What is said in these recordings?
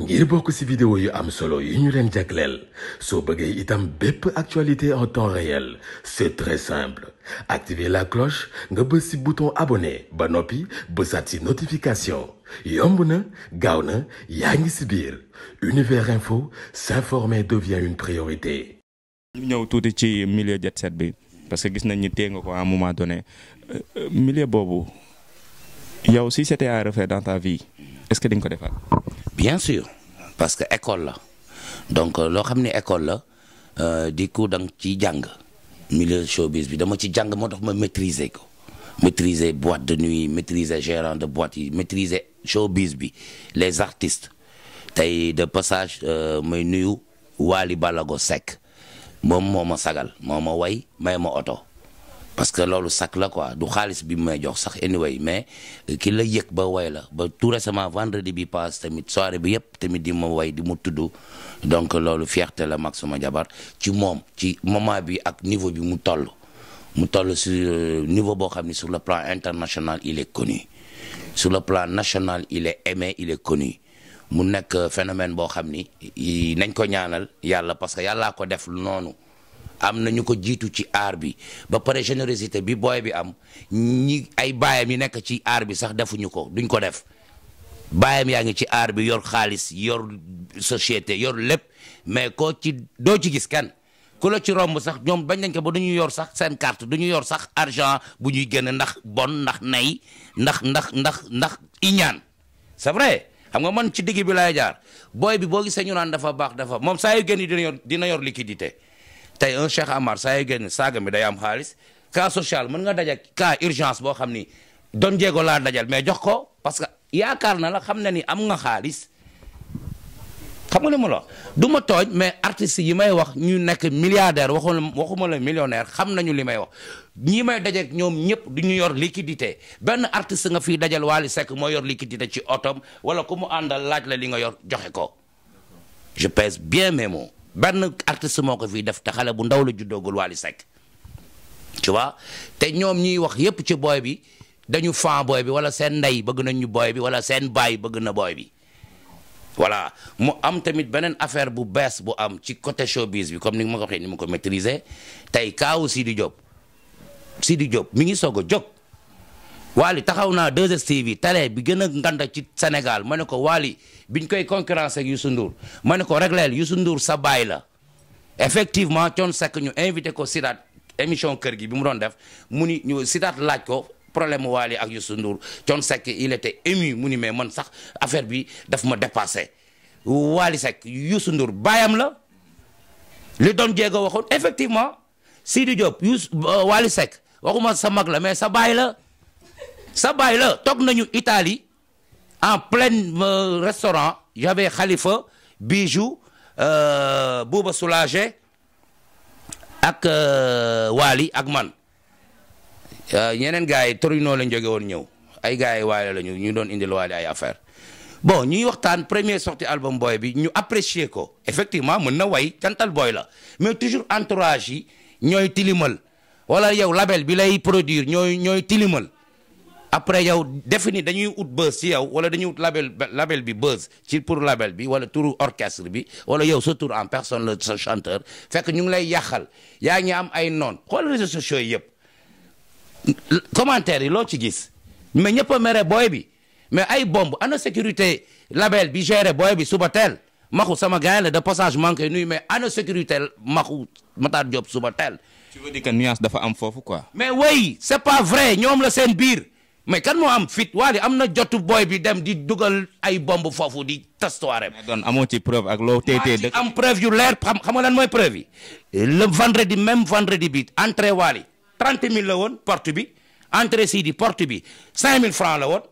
ngir bokk ci vidéo yu am solo yi ñu leen jagleel soo bëggee itam bépp actualité en temps réel c'est très simple activer la cloche nga bës ci bouton abonné ba noppi bësaat ci notification yomb na gaaw na yaa ngi ci biir univers info s'informer devient une priorité. ñu ñëw tuuti ci milieu jet set bi parce que gis nañ ni téye nga ko à un moment donné euh, euh, milieu boobu yow si c'était à refaire dans ta vie est-ce ko defaat. bien sûr parce que école la donc euh, loo xam ne école la euh, di ko ci nga ciy jàng milieu showbiz bi dama ci jàng moo tax ma maîtriser ko maîtriser boîte de nuit maîtriser gérant de boîte yi maîtriser showbiz bi les artistes tey de passage euh, may nuyu Wally go Seck moom moo ma sagal moo ma way may ma oto parce que loolu sac la quoi du xaalis bi mu may jox sax anyway mais euh, ki la yëg ba way la ba tout récemment vendredi bi passe tamit soirée bi yëpp tamit di ma way di mu tudd donc loolu fierté la mag sama jabar ci moom ci moment bi ak niveau bi mu toll mu toll sur euh, niveau boo xam ne sur le plan international il est connu sur le plan national il est aimé il est connu mu nekk euh, phénomène boo xam ni nañ ko ñaanal yàlla parce que yàllaa ko def noonu am na ñu ko jiitu ci aar bi ba pare générosité bi booy bi am ñi ay baayam yi nekk ci aar bi sax defuñu ko duñ ko def baayam yaa ngi ci aar bi yor xaalis yor société yor lépp mais ko ci doo ci gis kenn ku la ci romb sax ñoom bañ nañ ko ba du ñu yor sax seen carte du ñu yor sax argent bu ñuy génn ndax bon ndax nay ndax ndax ndax ndax iñaan c'est vrai xam nga man ci digg bi laay jaar booy bi boo gisee ñu naan dafa baax dafa moom saa yu génn dina yor dina yor liquidité. tey un Cheikh Amar saa yu génn saaga mi day am xaalis cas social mën nga daje cas urgence boo xam ni doon jéego laa dajal mais jox ko parce que yaakaar na la xam na ni am nga xaalis xam nga li ma la du ma tooñ mais artistes yi may wax ñu nekk milliardaire waxuma waxuma la millionnaire xam nañu li may wax ñi may dajeek ñoom ñëpp du ñu yor liquidité benn artiste nga fii dajal Wally Seck moo yor liquidité ci otom wala ku mu àndal laaj la li nga yor joxe ko benn artiste moo ko fii def te xale bu ndaw la juddoogul Wally waali tu vois te ñoom ñuy wax yépp ci booy bi dañu fan booy bi wala seen ndey bëgg nañu booy bi wala seen baay bëgg na booy bi voilà mu am tamit beneen affaire bu bees bu am ci côté showbiz bi comme ni ma ko waxee ni ma ko maîtriser tey kaawu Sidi Diop di Diop mu ngi soog a jóg Wally taxaw naa 2STV télé bi gën a nganda ci Sénégal ma ne ko waali biñ koy concurrence ak Youssou Ndour ma ne ko regleel Youssou Ndour sa baay la effectivement Thione Seck ñu invité ko Sidaat émission kër gi bi mu doon def mu ni ñu Sidaat laaj ko problème Wally ak Youssou Ndour Thione Seck il était ému mu ni mais man sax affaire bi daf ma dépassé Wally Seck Youssou Ndour baayam la li doon jéego waxoon effectivement Sidi Diop Youssou euh, Wally Seck waxuma sa mag la mais sa baay la sa baay la toog nañu itali en plein euh, restaurant j'avais Khalifa Bijou euh, Bouba soulage ak euh, Waly ak man ñeneen gars yi Torino lañ jóge woon ñëw ay gars yi waale la ñu ñu doon indil waale ay affaire bon ñuy waxtaan première sortie album booy bi ñu apprécier ko effectivement mën na way cantal booy la mais toujours entourage yi ñooy tilimal wala yow label bi lay produire ñooy ñooy tilimal après yow defe ni dañuy ut buzz ci yow wala dañuy ut label label bi buzz ci pour label bi wala turu orchestre bi wala yow sa tour en personne la sa chanteur fekk ñu ngi lay yàqal yaa ngi am ay noon xool réseaux sociaux yi yëpp commentaire yi loo ci gis mais ñëpp a mere booy bi mais ay bomb ana sécurité label bi géré booy bi suba teel maxu sama gain la de passage manqué nuyu mais ana sécurité maxu Matar Diop suba teel. tu veux dafa am foofu quoi. mais oui c'est pas vrai ñoom la seen biir. mais kan moo am fit Wally am na jotu booy bi dem di dugal ay bomb foofu di tastuwaarem. doon amoo ci preuve ak loo tey tey dëkk am preuve yu leer xam xam nga lan mooy preuve yi. le vendredi même vendredi bi entrée Wally trente mille la woon porte bi entrée di porte bi cinq mille francs la woon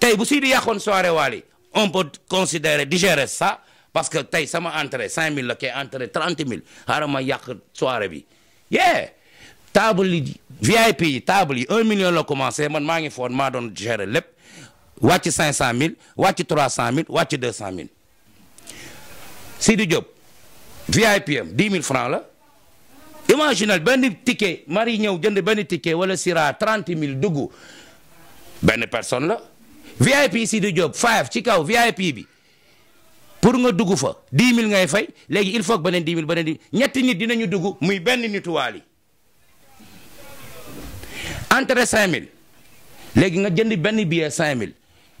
tey bu Sidi yàqoon soirée Wally on peut considérer digérer ça parce que tey sama entrée cinq mille la kay entrée trente mille xaaral ma yàq soirée bi yeah. table yi VIP yi table yi un million la commencé man maa ngi foon maa doon gérer lépp wàcc cinq cent mille wàcc trois cent mille wàcc deux cent mille Sidi Diop VIP am dix mille francs la imaginal benn ticket mari ñëw jënd benn ticket wala sira trente mille dugg benn personne la VIP Sidi Diop five ci kaw VIP bi pour nga dugg fa dix mille ngay fay léegi il faut que beneen dix mill beneen dix ñetti nit dinañu dugg muy benn nituwaal yi entrée 5000 léegi nga jënd benn billet 5000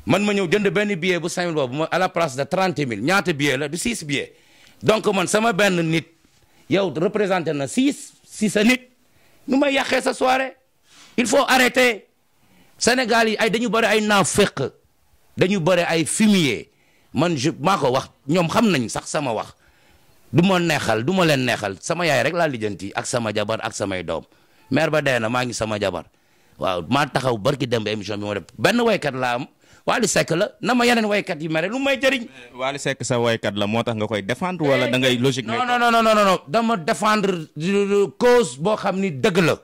man ma ñëw jënd benn billet bu 5000 boobu ma à la de 30 000 ñaata billet la du 6 donc man sama benn nit yow représenté na 6 si sa nit nu may yàqee sa soire il faut arrêter Sénégal yi ay dañu bëri ay naaféq dañu bëri ay fumier man je maa ko wax ñoom xam nañ sax sama wax du ma neexal du ma leen neexal sama yaay rek laa lijjanti ak sama jabar ak samay doom mère ba dee na maa ngi sama jabar waaw maa taxaw barki dem ba émission bi ma def benn waykat laa am Wally Seck la na ma yeneen waykat yi mere lu may jëriñ. Eh, Wally Seck sa waykat la moo tax nga koy défendre wala eh, da ngay logique. non non non non non dama défendre cause boo xam ni dëgg la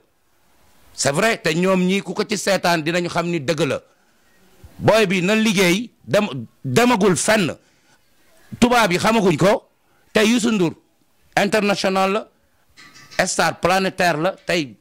c'est vrai te ñoom ñii ku ko ci seetaan dinañu xam ni dëgg la booy bi na liggéey dem demagul fenn tubaab yi xamaguñ ko te Youssou Ndour international la star planétaire la tey.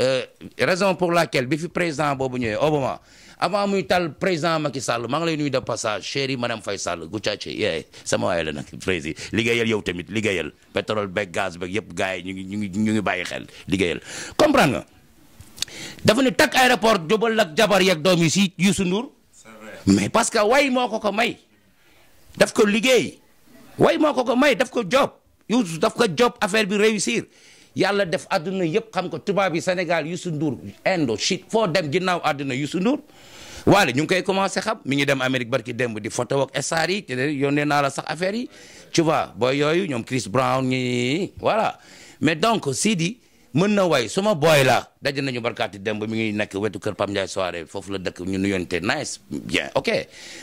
Euh, euh, raison pour laquelle bi fi président boobu ñëwee Obama avant muy tal président Macky Sall sal ngi la nuyu de passage chérie madame Faye Sall Goudiache yee sama waay la nag président liggéeyal yow tamit liggéeyal pétrole beeg gaz beeg yëpp gars yi ñu ngi ñu ngi ñu ngi bàyyi xel liggéeyal comprendre nga dafa ne takk aéroport jubal ak jabar yeeg doom yi si Youssou Ndour mais parce que way moo ko ko may daf ko liggéey way moo ko ko may daf ko job Youssou daf ko job affaire bi réussir yàlla def adduna yëpp xam ko tubaab yi Sénégal Youssou Ndour Indo shit foo dem ginnaaw àdduna Youssou Ndour waale ñu ngi koy commencé xam mi ngi dem Amérique barki démb di photo ak star yi te yónnee naa la sax affaire yi tu vois booy yooyu ñoom Chris Brown ñi voilà mais donc Sidi mën na way suma booy la daje nañu barkaati démb mi ngi nekk wetu kër Pam Ndiaye soirée foofu la dëkk ñu nuyonte nice bien ok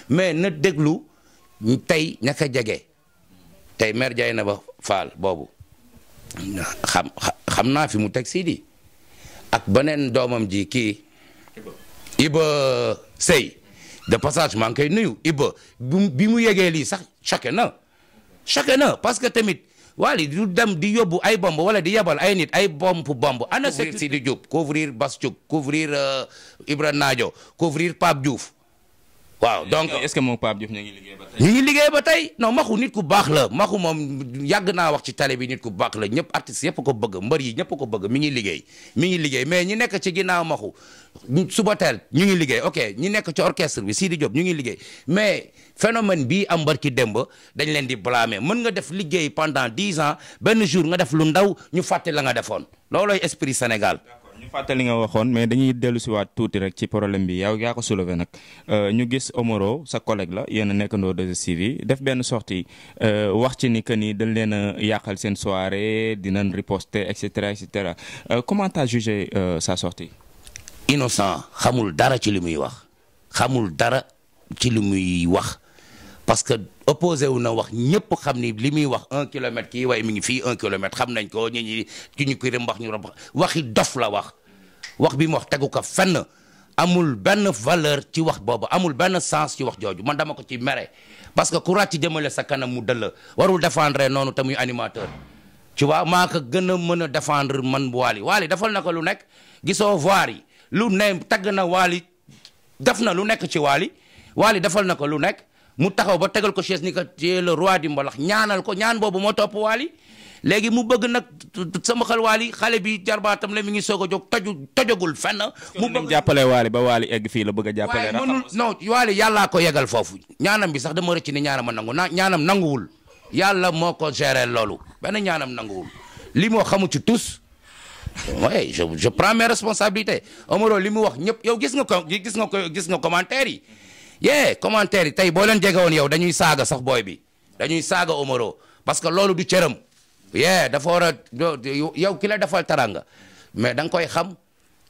mais na déglu tey ñaka jege tey mère Diagne na ba faal boobu xam xam naa fi mu teg di ak beneen doomam ji kii Iba Sey de passage maa ngi koy nuyu Iba bi mu yegee lii sax choqué na choqué na parce que tamit waali du dem di yóbbu ay bomb wala di yebal ay nit ay bomb bomb ana Sidi Diop couvrir Bass Thioung couvrir euh, Ibra Nadio couvrir Pape Diouf waaw euh, donc est-ce que moom Pape Diouf ñu ngi liggéey ba tey. ñu ngi liggéey ba tey non maxu nit ku baax la maxu moom yàgg naa wax ci télé bi nit ku baax la ñëpp artistes yëpp ko bëgg mbër yi ñëpp ko bëgg mi ngi liggéey mi ngi liggéey mais ñu nekk ci ginnaaw maxu suba teel ñu ngi liggéey ok ñi nekk ci orchestre bi Sidi Diop ñu ngi liggéey mais phénomène bi a mbër ki démb dañ leen di blâmer mën nga def liggéey pendant dix ans benn jour nga def lu ndaw ñu fàtte la nga defoon loolooy esprit Sénégal. fàttali nga waxoon mais dañuy dellu siwaat tuuti rek ci problème bi yow yaa ko soulevé nag euh, ñu gis Omaro sa collègue la yéen a nekkandoo de CV def benn sortie euh, wax ci ni que ni dañ leen yàqal seen soirée dinañ riposter et cetera et cetera euh, comment t'as jugé sa sortie innocent xamul dara ci li muy wax xamul dara ci li muy wax parce que opposé wu na wax ñëpp xam ni li muy wax un kilomètre kii waaye mi ngi fii un kilomètre xam nañ ko ñi ñi ci ñu ko rëm wax ñu rëm waxi dof la wax wax bi mu wax tegu ko fenn amul benn valeur ci wax boobu amul benn sens ci wax jooju man dama ko ci mere parce que ku ràcc jëmale sa kanam mu dëll warul défendre noonu te muy animateur ci waa maa ko gën a mën a défendre man Wally Wally defal na ko lu nekk gisoo voir yi lu ne tagg na Wally def na lu nekk ci Wally Wally defal na ko lu nekk mu taxaw ba tegal ko chaise ni ko le roi di mbalax ñaanal ko ñaan boobu moo topp Wally léegi mu bëgg nag sama xel waali xale bi jarbaatam la mi ngi soog a jóg toju tojagul fenn. mu bëgg jàppale waali ba waali egg fii la bëgg a jàppale. waaye mënul non waali yàllaa ko yegal foofu ñaanam bi sax dama rëcc ni ñaanam a nangu naa ñaanam nanguwul yàlla moo ko gérer loolu benn ñaanam nanguwul li moo xamu ci tous oui je je prends mes li mu wax ñëpp yow gis nga ko gis nga ko gis nga commentaire yi yee commentaire tey boo leen jege woon yow dañuy saaga sax booy bi dañuy saaga Omaro parce que loolu du cëram yee dafa war a yow ki la defal taranga mais da koy xam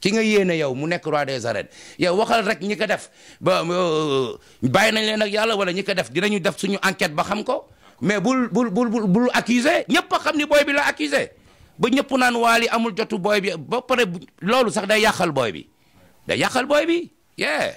ki nga yéene yow mu nekk roi des arènes yow waxal rek ñi ko def ba uh, bàyyi nañ leen ak yàlla wala ñi ko def dinañu def suñu enquête ba xam ko mais bul bul bul bul accusé ñëpp a xam ni booy bi la accusé ba ñëpp naan waali amul jotu booy ba pare loolu sax day yàqal booy bi day yàqal yee